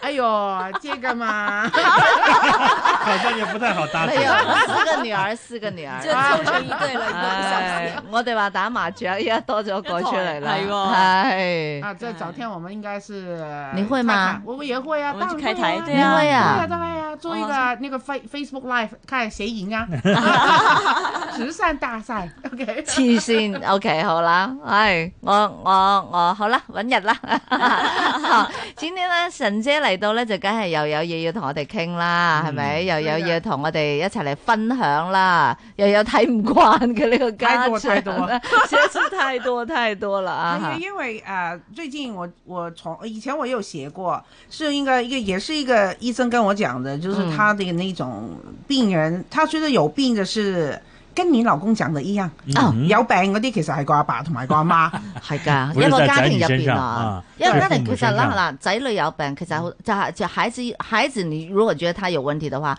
哎呦，這個嘛，好像也不太好搭。沒有四個女兒，四個女兒就湊成一對了。我哋話打麻雀，依家多咗個出嚟啦。係係。啊，即係昨天我們應該是你會嗎？我也會啊，當你會啊，會啊做啊做一個那個 face Facebook Live，看誰贏啊，慈善大賽。OK，黐線 OK 好啦，係我我我好啦，搵日啦。好，今天呢神姐嚟，嚟到咧就梗係又有嘢要同我哋傾啦，係咪、嗯？又有嘢要同我哋一齊嚟分享啦，又有睇唔慣嘅呢、這個家長，太多，確實太多， 太，多太多了 啊！因為啊、呃，最近我我從以前我有寫過，是一個一個，也是一個醫生跟我講的，就是他的那種病人，嗯、他覺得有病的是。跟你老公講嘅一樣，啊、嗯、哼有病嗰啲其實係個阿爸同埋個阿媽，係㗎。一個家庭入邊啊，一個家庭其實啦嗱，仔女有病其實就就孩子孩子，你如果覺得他有問題嘅話。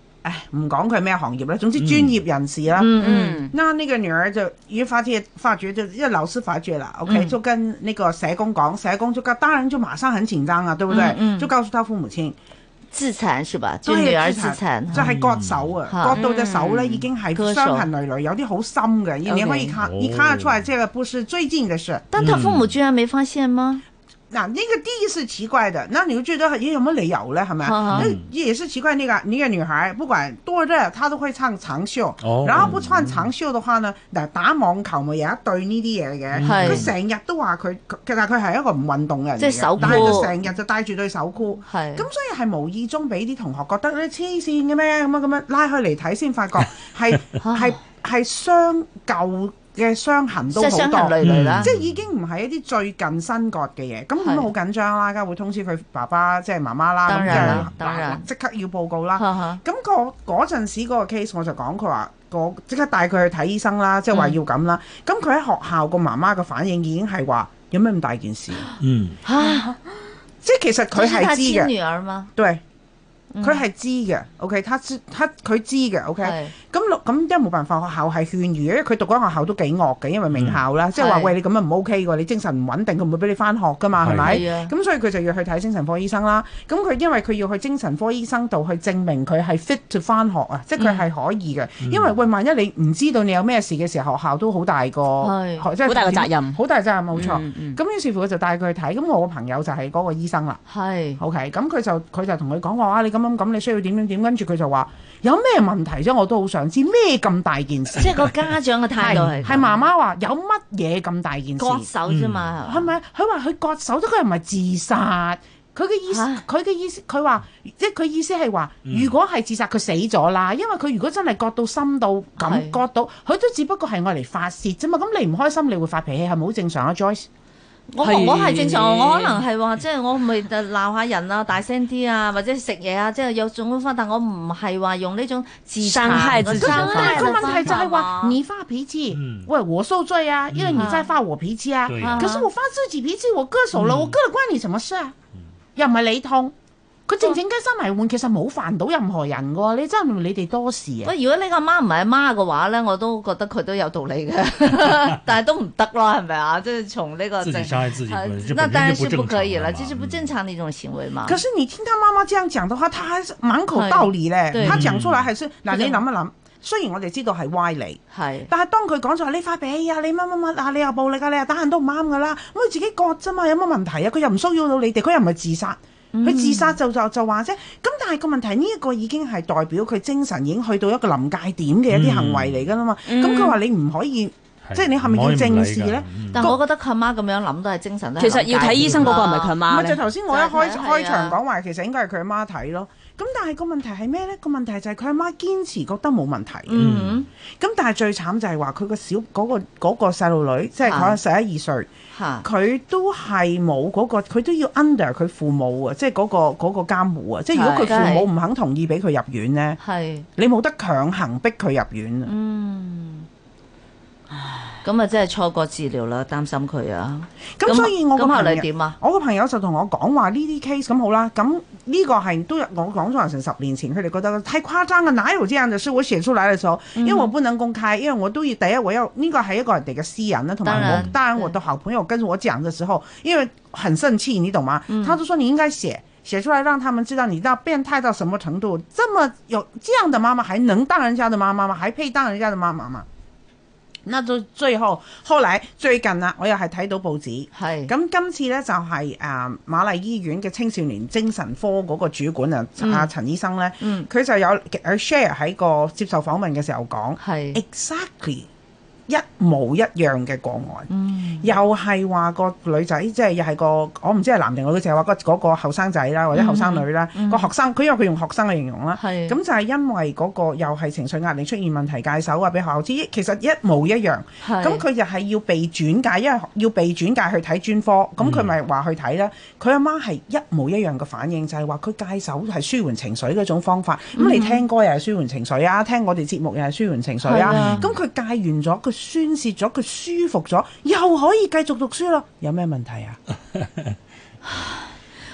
唉，唔講佢係咩行業啦，總之專業人士啦。嗯嗯，嗱呢個女兒就，如果發現發覺就，因為老師發覺啦，OK，就跟呢個社工講，社工就，當然就馬上很緊張啦，對不對？就告訴他父母親自殘是吧？就女兒自殘，即係割手啊，割到隻手咧已經係傷痕累累，有啲好深嘅，而你可以看，一看出嚟即係不是最近嘅事。但他父母居然沒發現嗎？嗱，呢個 d 是奇怪的，那你會覺得有乜理由呢，係咪？啊，那、嗯、也是奇怪。那個那個女孩不管多熱，她都會穿長袖。哦、然後不穿長袖的話呢？嗱、嗯，打網球冇有一對呢啲嘢嘅，係佢成日都話佢，其實佢係一個唔運動嘅人，即係手箍，但係就成日就戴住對手箍，咁、嗯是嗯，所以係無意中俾啲同學覺得你黐線嘅咩咁樣咁樣，拉佢嚟睇先發覺係係係雙舊。 是是是嘅傷痕都好多，即係已經唔係一啲最近新割嘅嘢，咁咁好緊張啦，梗係會通知佢爸爸即係媽媽啦，咁即刻要報告啦。咁個嗰陣時嗰個 case 我就講佢話，我即刻帶佢去睇醫生啦，即係話要咁啦。咁佢喺學校個媽媽嘅反應已經係話，有咩咁大件事？嗯，即係其實佢係知嘅。係佢親女兒嗎？對。佢係知嘅，OK，他他佢知嘅，OK。咁咁因為冇辦法，學校係勸喻嘅，因為佢讀嗰間學校都幾惡嘅，因為名校啦，即係話喂你咁樣唔 OK 喎，你精神唔穩定，佢唔會俾你返學噶嘛，係咪？咁所以佢就要去睇精神科醫生啦。咁佢因為佢要去精神科醫生度去證明佢係 fit to 返學啊，即係佢係可以嘅。因為喂，萬一你唔知道你有咩事嘅時候，學校都好大個，好大責任，好大責任冇錯。咁於是乎佢就帶佢去睇。咁我個朋友就係嗰個醫生啦。係 OK，咁佢就佢就同佢講話啊，你咁。咁你需要點點點，跟住佢就話有咩問題啫？我都好想知咩咁大件事。即係個家長嘅態度係，係媽媽話有乜嘢咁大件事？割手啫嘛，係咪、嗯？佢話佢割手，都佢又唔係自殺。佢嘅意思，佢嘅、啊、意思，佢話即係佢意思係話，如果係自殺，佢死咗啦。嗯、因為佢如果真係割到深到咁割到，佢都只不過係愛嚟發泄啫嘛。咁你唔開心，你會發脾氣係咪好正常啊，Joyce。我我係正常，是我可能係話即係我咪鬧下人啊，大聲啲啊，或者食嘢啊，即係有種方法。但我唔係話用呢種自傷害自傷害，佢咪自害自害。個問題就係話你發脾氣，嗯、喂我受罪啊，因為你真係發我脾氣啊。嗯、可是我發自己脾氣，我割手喇，嗯、我割得關你什麼事啊？又唔係你痛。佢正正街心迷換，其實冇煩到任何人㗎。你真係你哋多事啊！如果呢個媽唔係阿媽嘅話咧，我都覺得佢都有道理嘅，但係都唔得啦，係咪啊？即係從呢個自己傷害自己，那那當然係不可以啦，即是不正常呢種行為嘛。可是你聽佢媽媽這樣講的話，嗯、他猛扣道理咧，是的他講出嚟係先嗱，你諗一諗，雖然我哋知道係歪理，係，但係當佢講出嚟呢塊餅啊，你乜乜乜啊，你又暴力㗎、啊，你又打人都唔啱㗎啦，咁佢自己割啫嘛，有乜問題啊？佢又唔騷擾到你哋，佢又唔係自殺。佢自殺就就就話啫，咁、嗯、但係個問題呢，一個已經係代表佢精神已經去到一個臨界點嘅一啲行為嚟㗎喇嘛，咁佢話你唔可以，是即係你係咪要正視咧？嗯、但我覺得佢媽咁樣諗都係精神，其實要睇醫生嗰個唔係佢媽。唔係就頭先我一開是是、啊、開場講話，其實應該係佢媽睇咯。咁但係個問題係咩呢？個問題就係佢阿媽堅持覺得冇問題。嗯，咁但係最慘就係話佢個小嗰個嗰個細路女，即係佢十一二、啊、歲，佢、啊、都係冇嗰個，佢都要 under 佢父母啊，即係嗰個嗰、嗰個監護啊。即係是如果佢父母唔肯同意俾佢入院呢，你冇得強行逼佢入院。嗯。咁啊，真係錯過治療啦，擔心佢啊。咁、嗯、那所以我後啊。我個朋友就同我,我講話呢啲 case 咁好啦。咁呢個係都我講咗成十年前，佢哋覺得太誇張啊。哪有這樣嘅事？我寫出來嘅時候，因為我不能公開，嗯、因為我都要第一我要呢、這個係一個,一個人哋嘅私隱啦。同埋我當然我,當然我的好朋友跟住我講嘅時候，嗯、因為很生氣，你懂嗎？他就說：你應該寫寫出來，讓他們知道你到變態到什麼程度。這麼有這樣的媽媽，還能當人家的媽媽嗎？還配當人家的媽媽嗎？那到最後，後來最近啊，我又係睇到報紙，咁是今次呢，就係誒瑪麗醫院嘅青少年精神科嗰個主管啊，阿陳、嗯、醫生咧，佢、嗯、就有 share 喺個接受訪問嘅時候講是，exactly。一模一樣嘅個案，又係話個女仔，即係又係個，我唔知係男定女，就係話個嗰個後生仔啦，或者後生女啦，個學生，佢因為佢用學生嘅形容啦，咁就係因為嗰個又係情緒壓力出現問題，界手啊，俾學校知，其實一模一樣，咁佢就係要被轉介，因為要被轉介去睇專科，咁佢咪話去睇啦。佢阿媽係一模一樣嘅反應，就係話佢界手係舒緩情緒嗰種方法，咁你聽歌又係舒緩情緒啊，聽我哋節目又係舒緩情緒啊，咁佢界完咗佢。宣泄咗，佢舒服咗，又可以繼續讀書咯，有咩問題啊？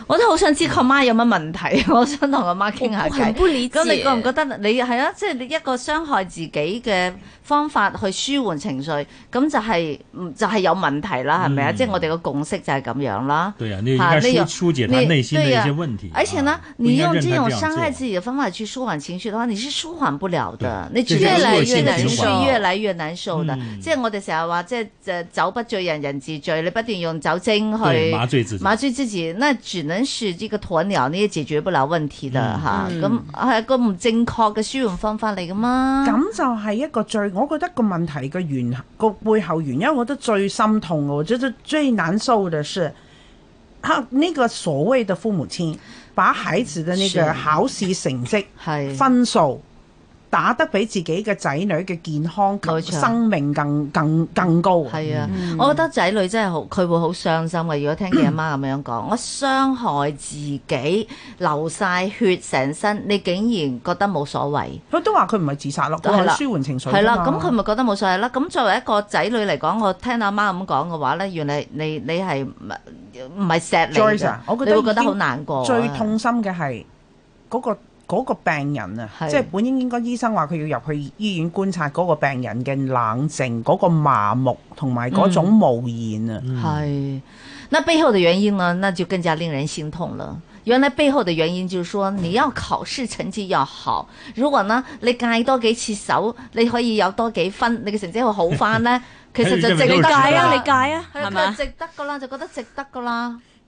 我都好想知佢媽有乜問題，我想同佢媽傾下偈。咁你覺唔覺得你係啊？即係你一個傷害自己嘅方法去舒緩情緒，咁就係就係有問題啦，係咪啊？即係我哋個共識就係咁樣啦。對啊，你應該疏疏解佢內心嘅一些問題。而且呢，你用這種傷害自己嘅方法去舒緩情緒嘅話，你是舒緩不了嘅，你越來越難受，越來越難受嘅。即係我哋成日話，即係酒不醉人人自醉，你不斷用酒精去麻醉自己，麻醉自己。嗯嗯嗯、是這個鴕鳥解決不了問題的吓，咁係一個唔正確嘅輸用方法嚟噶嘛？咁就係一個最，我覺得個問題個原個背後原因，因我覺得最心痛，我覺得最難受的是，吓、這、呢個所謂的父母親，把孩子的呢個考試成績、分數。打得比自己嘅仔女嘅健康、生命更錯更更高。係啊，嗯、我覺得仔女真係好，佢會好傷心嘅。如果聽見阿媽咁樣講， 我傷害自己，流晒血成身，你竟然覺得冇所謂。佢都話佢唔係自殺咯，都係舒緩情緒。係啦、啊，咁佢咪覺得冇所謂啦。咁作為一個仔女嚟講，我聽阿媽咁講嘅話咧，原來你你係唔係唔係錫你、啊、我覺得會覺得好難過。最痛心嘅係嗰個。嗰個病人啊，是即係本應應該醫生話佢要入去醫院觀察嗰個病人嘅冷靜、嗰、嗰個麻木同埋嗰種無言啊。係、嗯嗯，那背後的原因呢？那就更加令人心痛了。原來背後的原因就是說，你要考試成績要好，如果呢，你戒多幾次手，你可以有多幾分，你嘅成績會好翻呢？ 其實就值得戒啊，你戒啊，係嘛吧？值得㗎喇，就覺得值得㗎喇。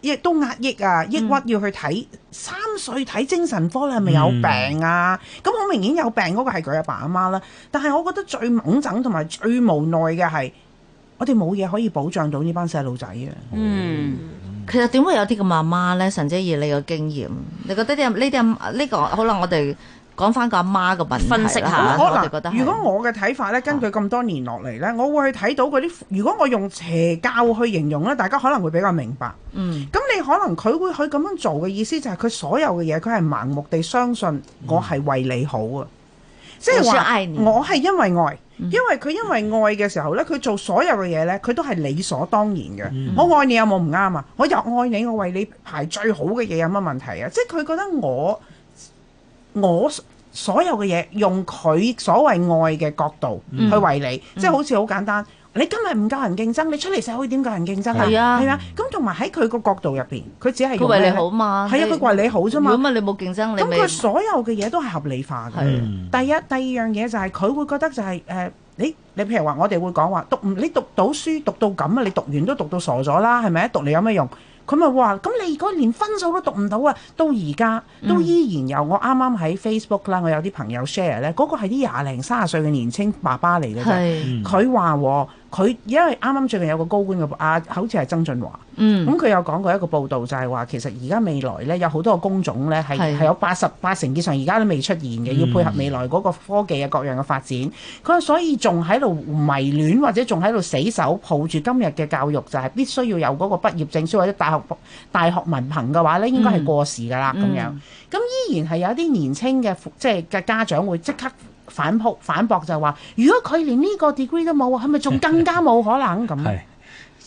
亦都壓抑啊，抑鬱要去睇、嗯、三歲睇精神科，你係咪有病啊？咁好、嗯、明顯有病嗰個係佢阿爸阿媽啦。但係我覺得最懵憎同埋最無奈嘅係，我哋冇嘢可以保障到呢班細路仔啊。嗯，嗯其實點會有啲咁媽媽呢？神姐，以你嘅經驗，你覺得啲呢啲呢個可能我哋？講翻個阿媽個問題，分析下可能。如果我嘅睇法咧，根據咁多年落嚟咧，我會去睇到嗰啲。如果我用邪教去形容咧，大家可能會比較明白。嗯。咁你可能佢會去咁樣做嘅意思就係佢所有嘅嘢，佢係盲目地相信我係為你好啊。即係話我係因為愛，嗯、因為佢因為愛嘅時候咧，佢做所有嘅嘢咧，佢都係理所當然嘅。嗯、我愛你有冇唔啱啊？我又愛你，我為你排最好嘅嘢有乜問題啊？即係佢覺得我。我所有嘅嘢用佢所謂愛嘅角度去為你，嗯、即係好似好簡單。嗯、你今日唔夠人競爭，你出嚟社會點夠人競爭？係啊，係啊。咁同埋喺佢個角度入邊，佢只係佢為你好嘛？係啊，佢為即你好啫嘛。咁嘛，你冇競爭，你咁佢所有嘅嘢都係合理化嘅。的嗯、第一、第二樣嘢就係、是、佢會覺得就係、是、誒、呃、你，你譬如話我哋會講話讀唔你讀到書讀到咁啊，你讀完都讀到傻咗啦，係咪？讀你有咩用？佢咪話：咁你如果連分數都讀唔到啊！到而家都依然有。我啱啱喺 Facebook 啦，我有啲朋友 share 咧，嗰、那個係啲廿零、卅歲嘅年青爸爸嚟嘅啫。佢話是。佢因為啱啱最近有個高官嘅啊，好似係曾俊華，咁佢、嗯、有講過一個報導，就係話其實而家未來咧有好多個工種咧係是有八十八成以上而家都未出現嘅，要配合未來嗰個科技嘅各樣嘅發展。佢話、嗯、所以仲喺度迷戀或者仲喺度死守抱住今日嘅教育就係必須要有嗰個畢業證書或者大學大學文憑嘅話咧，應該係過時㗎啦咁樣。咁依然係有啲年青嘅即係嘅家長會即刻。反撲反駁，反駁就係、是、話，如果佢連呢個 degree 都冇，係咪仲更加冇可能咁？ 樣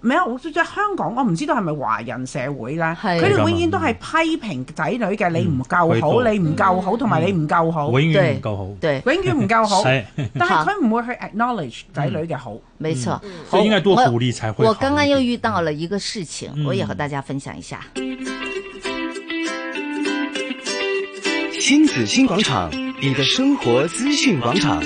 香港，我唔知道係咪華人社會啦，佢哋永遠都係批評仔女嘅，你唔夠好，你唔夠好，同埋你唔夠好，永遠唔夠好，永遠唔夠好。但係佢唔會去 acknowledge 仔女嘅好。沒錯，所以應該多鼓勵，才會好。我剛剛又遇到了一個事情，我也和大家分享一下。新紫新廣場，你的生活資訊廣場。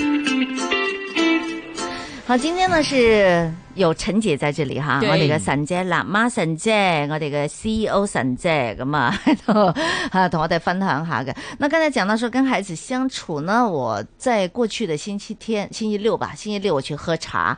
好，今天呢是有陳姐在這裏哈，對我哋嘅三姐、辣媽三姐，我哋嘅 CEO 三姐，咁啊，同啊同我哋分享下嘅。那剛才講到說跟孩子相處呢，我在過去的星期天、星期六吧，星期六我去喝茶。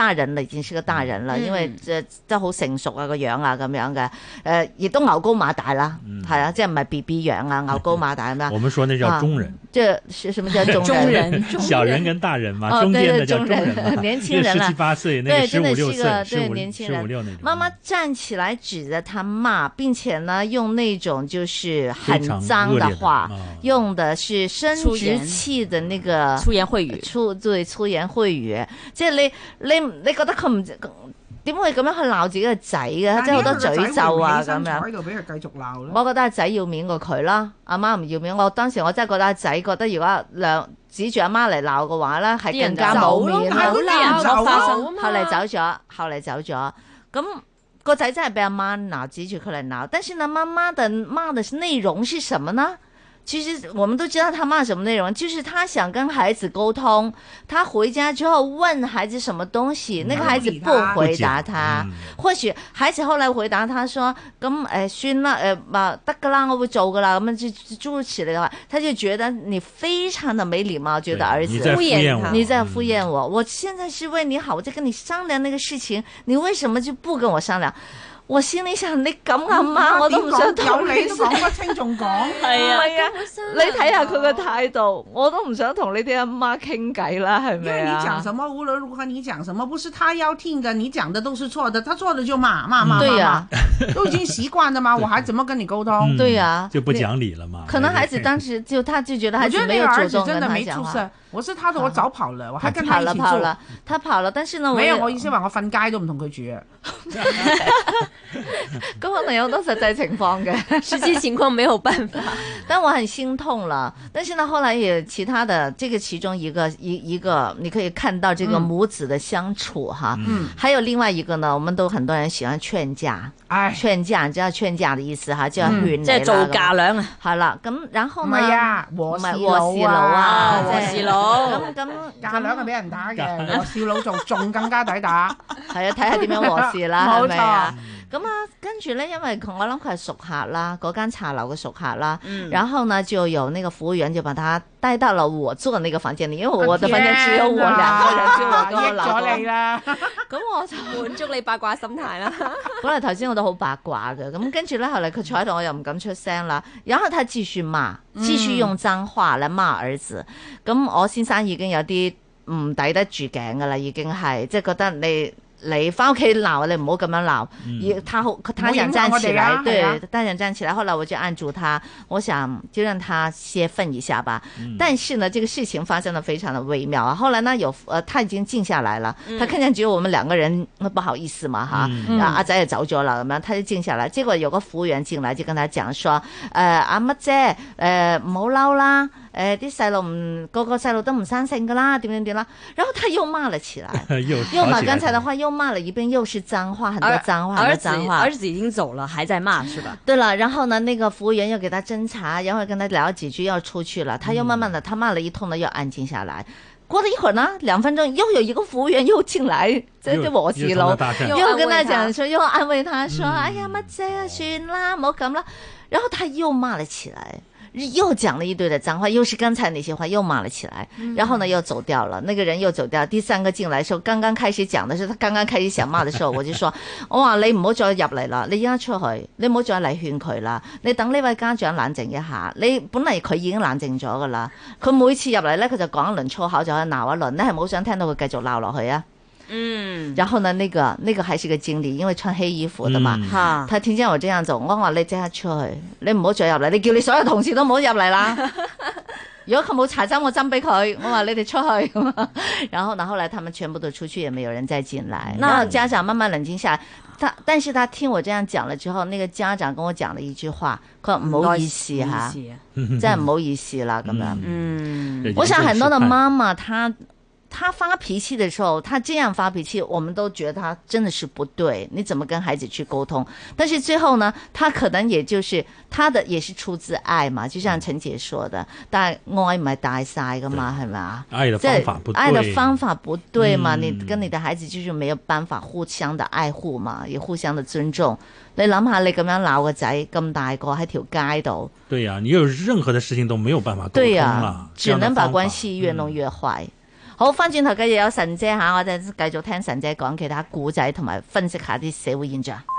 大人了，已經是個大人了。因為這都好成熟啊個樣啊咁樣嘅，誒亦都牛高馬大啦，係啊，即係唔係 B B 樣啊，牛高馬大啊。我們說那叫中人，這是什麼叫中人？中小人跟大人嘛，中間嘅叫中人，年輕人啦，十七八歲，十五六歲，對，真的是個對年輕人。媽媽站起來指着他罵，並且呢用那種就是很臟的話，用的是生殖器的那個粗言穢語，粗對粗言穢語，這咧咧。你覺得佢唔點會咁樣去鬧自己嘅仔嘅，即係好多詛咒啊咁樣。我覺得阿仔要面過佢啦，阿媽唔要面。我當時我真係覺得阿仔覺得如果兩指住阿媽嚟鬧嘅話咧，係更加冇面。後嚟走咗，後嚟走咗。咁個仔真係俾阿媽鬧，指住佢嚟鬧。但是阿媽媽的媽的內容是什麼呢？其實我們都知道他罵什麼內容，就是他想跟孩子溝通。他回家之後問孩子什麼東西，那個孩子不回答他。嗯、或許孩子後來回答他說：“咁誒，算、哎、啦，誒嘛得噶啦，我會做噶啦。”咁樣就住起嚟話，他就覺得你非常的沒禮貌，覺得兒子敷衍他，你在敷衍我。嗯、我現在是為你好，我在跟你商量那個事情，你為什麼就不跟我商量？我心裡想你咁阿媽，我都唔想同有理都講不清，仲講係啊？你睇下佢嘅態度，我都唔想同你哋阿媽傾偈啦，係咪啊？因為你講什麼，無論如何你講什麼，不是他要聽嘅，你講的都是錯的，他錯的就罵，罵罵罵。對啊，都已經習慣了嘛，我還怎麼跟你溝通？對啊，就不講理了嘛。可能孩子當時就，他就覺得，我覺得呢個兒子真的沒出息。我是他的，我早跑了，我還跟他住。跑了跑了，他跑了，但是呢？沒有，我意思話，我瞓街都唔同佢住。咁 可能有好多實際情況嘅，實際情況沒有辦法， 但我很心痛啦。但是呢，後來也其他的，這個其中一個一一個，你可以看到這個母子的相處哈。嗯。嗯、還有另外一個呢，我們都很多人喜歡勸架，哎，勸架你知道勸架的意思哈，叫係即係做架梁啊，係啦。咁然後呢？唔係呀，和事佬啊，和事佬。咁咁架梁係俾人打嘅，和事佬仲仲更加抵打。係啊，睇下點樣和事啦，係咪啊？咁啊、嗯，跟住咧，因為我諗佢係熟客啦，嗰間茶樓嘅熟客啦，嗯、然後呢，就由呢個服務員就把他帶到了我租嘅呢個房間，因為我就反正住咗我兩日，住咗、啊、我嗰晚。咁 我就滿足你八卦心態啦。 本來頭先我都好八卦嘅，咁跟住咧，後來佢坐喺度，我又唔敢出聲啦。然後佢繼續罵，繼續用髒話嚟罵兒子。咁、嗯嗯、我先生已經有啲唔抵得住頸噶啦，已經係即係覺得你。你翻屋企鬧你唔好咁樣鬧，他、嗯、想站起來，嗯、對，他想站起來。後來我就按住他，哎、呀我想就讓他泄憤一下吧。嗯、但是呢，這個事情發生得非常的微妙啊。後來呢，有，呃，他已經靜下來了，他、嗯、看見只有我們兩個人，呃、不好意思嘛吓，阿仔就走咗，他就靜下來。結果有個服務員進來，就跟他講說，呃，阿媽姐，誒、啊，唔好嬲啦。呃呃啲細路，個個細路都唔生性㗎啦，點點點啦，然後他又罵了起來， 又，起來又罵剛才的話，又罵了一遍，又是髒話，很多髒話，兒，兒子很多髒話。兒子已經走了，還在罵，是吧？對了，然後呢，那個服務員又給他斟茶，然後跟他聊幾句，要出去了，他又慢慢的，嗯、他罵了一通，呢又安靜下來。過了一會兒呢，兩分鐘，又有一個服務員又進來，這就磨嘰咯，又，又，又跟他講說，說又安慰他說，他說嗯、哎呀，乜啫，算啦，冇咁啦，然後他又罵了起來。又講了一堆的髒話，又是剛才那些話，又罵了起來，然後呢又走掉了。那個人又走掉。第三個進來的時候，剛剛開始講的時候，他剛剛開始想罵的時候，我就說：“ 我話你唔好再入嚟啦，你而家出去，你唔好再嚟勸佢啦。你等呢位家長冷靜一下。你本嚟佢已經冷靜咗噶啦。佢每次入嚟呢，佢就講一輪粗口，就鬧一輪。你係唔好想聽到佢繼續鬧落去啊。”嗯，然後呢？那個，那個還是個經理，因為穿黑衣服的嘛。哈、嗯，他聽見我這樣走，我話你即刻出去，你唔好再入嚟，你叫你所有同事都唔好入嚟啦。 如果佢冇查針，我針俾佢。我話你哋出去 然。然後呢？後來他們全部都出去，也沒有人再進來。嗯、然後家長慢慢冷靜下來，他但是他聽我這樣講了之後，那個家長跟我講了一句話，佢唔、嗯、好意思哈，真係唔、啊、好意思啦咁樣。嗯，嗯我想很多的媽媽，他。他發脾氣的時候，他這樣發脾氣，我們都覺得他真的是不對。你怎麼跟孩子去溝通？但是最後呢，他可能也就是他的也是出自愛嘛，就像陳姐說的，嗯、但愛唔係大晒嘛，對是吧嗎愛的方法不對，愛的方法不對嘛？嗯、你跟你的孩子就是沒有辦法互相的愛護嘛，也互相的尊重。你諗下，你咁樣鬧個仔咁大個喺條街度，對呀、啊，你有任何的事情都沒有辦法溝通，啊、對呀、啊，只能把關係越弄越壞。嗯好，翻轉頭繼續有神姐吓，我哋繼續聽神姐講其他古仔，同埋分析下啲社會現象。